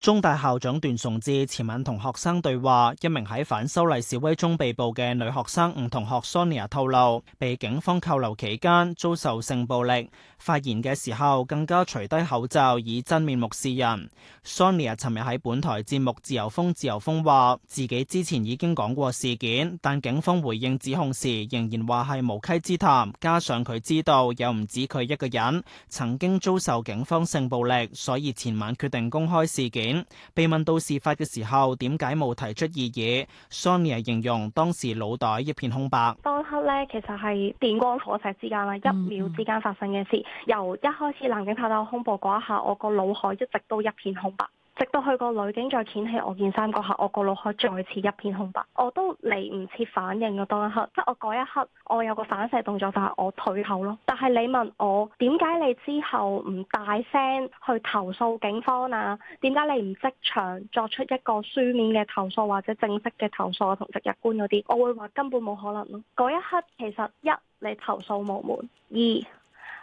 中大校長段崇智前晚同學生對話，一名喺反修例示威中被捕嘅女學生吳同學 Sonya 透露，被警方扣留期間遭受性暴力，發言嘅時候更加除低口罩以真面目示人。Sonya 尋日喺本台節目《自由風自由風》話，自己之前已經講過事件，但警方回應指控時仍然話係無稽之談。加上佢知道又唔止佢一個人曾經遭受警方性暴力，所以前晚決定公開事件。被問到事發嘅時候點解冇提出異議，Sonya 形容當時腦袋一片空白。當刻呢，其實係電光火石之間啦，一秒之間發生嘅事。由一開始男警拍到我胸部嗰一下，我個腦海一直都一片空白。直到去個女警再掀起我件衫嗰刻，我個腦海再次一片空白，我都嚟唔切反應，嗰當一刻，即係我嗰一刻，我有個反射動作就係我退後咯。但係你問我點解你之後唔大聲去投訴警方啊？點解你唔即場作出一個書面嘅投訴或者正式嘅投訴同值日官嗰啲？我會話根本冇可能咯。嗰一刻其實一你投訴無門，二。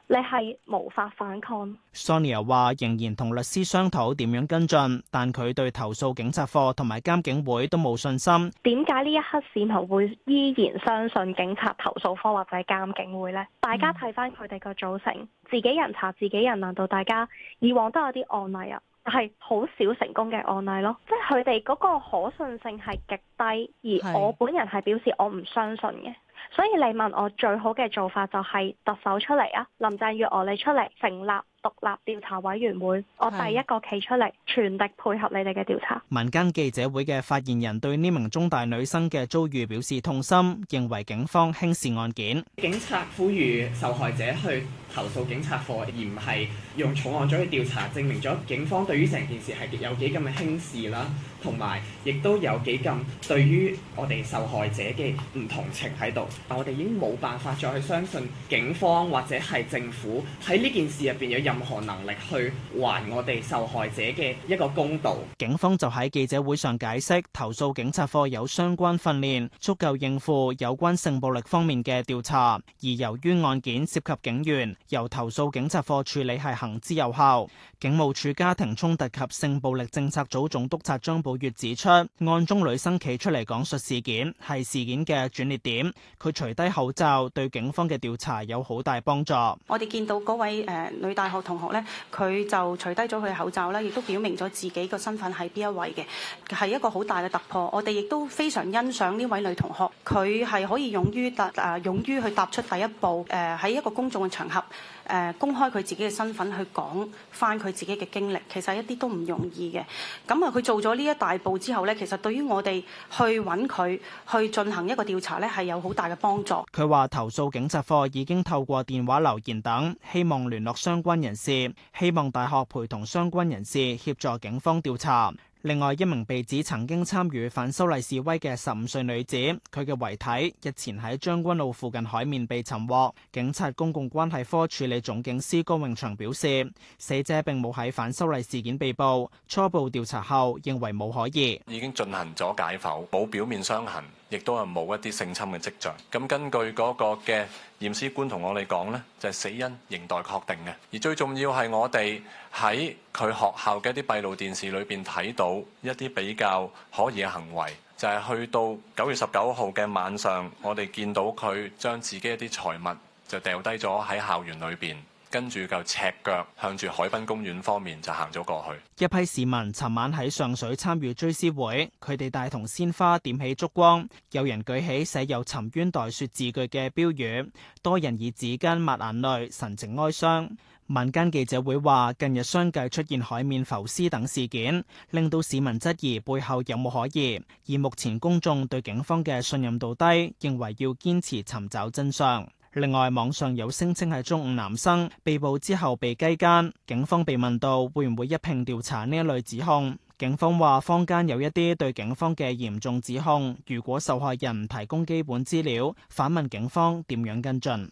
你係無法反抗。Sonia 話仍然同律師商討點樣跟進，但佢對投訴警察課同埋監警會都冇信心。點解呢一刻市民會依然相信警察投訴課或者監警會呢？大家睇翻佢哋個組成，自己人查自己人，難道大家以往都有啲案例啊？但係好少成功嘅案例咯，即係佢哋嗰個可信性係極低，而我本人係表示我唔相信嘅。所以你問我最好嘅做法就係特首出嚟啊，林鄭月娥你出嚟成立獨立調查委員會，的我第一個企出嚟，全力配合你哋嘅調查。民間記者會嘅發言人對呢名中大女生嘅遭遇表示痛心，認為警方輕視案件。警察呼籲受害者去投訴警察課，而唔係用重案組去調查，證明咗警方對於成件事係有幾咁嘅輕視啦。同埋，亦都有幾咁對於我哋受害者嘅唔同情喺度，但我哋已經冇辦法再去相信警方或者係政府喺呢件事入邊有任何能力去還我哋受害者嘅一個公道。警方就喺記者會上解釋，投訴警察課有相關訓練，足夠應付有關性暴力方面嘅調查。而由於案件涉及警員，由投訴警察課處理係行之有效。警務處家庭衝突及性暴力政策組總督察張寶月指出，案中女生企出嚟講述事件係事件嘅轉捩點，佢除低口罩對警方嘅調查有好大幫助。我哋見到嗰位誒、呃、女大學同學咧，佢就除低咗佢口罩咧，亦都表明咗自己嘅身份係邊一位嘅，係一個好大嘅突破。我哋亦都非常欣賞呢位女同學，佢係可以勇於踏誒勇於去踏出第一步，誒、呃、喺一個公眾嘅場合誒、呃、公開佢自己嘅身份去講翻佢自己嘅經歷，其實一啲都唔容易嘅。咁啊，佢做咗呢一大步之後呢，其實對於我哋去揾佢去進行一個調查呢，係有好大嘅幫助。佢話投訴警察課已經透過電話、留言等，希望聯絡相關人士，希望大學陪同相關人士協助警方調查。另外一名被指曾經參與反修例示威嘅十五歲女子，佢嘅遺體日前喺將軍澳附近海面被尋獲，警察公共關係科處理總警司高永祥表示，死者並冇喺反修例事件被捕，初步調查後認為冇可疑，已經進行咗解剖，冇表面傷痕。亦都係冇一啲性侵嘅跡象。咁根據嗰個嘅驗屍官同我哋講呢，就係死因仍待確定嘅。而最重要係我哋喺佢學校嘅一啲閉路電視裏邊睇到一啲比較可疑嘅行為，就係去到九月十九號嘅晚上，我哋見到佢將自己一啲財物就掉低咗喺校園裏邊。跟住就赤腳向住海濱公園方面就行咗過去。一批市民尋晚喺上水參與追思會，佢哋帶同鮮花點起燭光，有人舉起寫有「沉冤待雪」字句嘅標語，多人以紙巾抹眼淚，神情哀傷。民間記者會話，近日相繼出現海面浮屍等事件，令到市民質疑背後有冇可疑，而目前公眾對警方嘅信任度低，認為要堅持尋找真相。另外，網上有聲稱係中五男生被捕之後被雞奸，警方被問到會唔會一併調查呢一類指控。警方話：坊間有一啲對警方嘅嚴重指控，如果受害人唔提供基本資料，反問警方點樣跟進。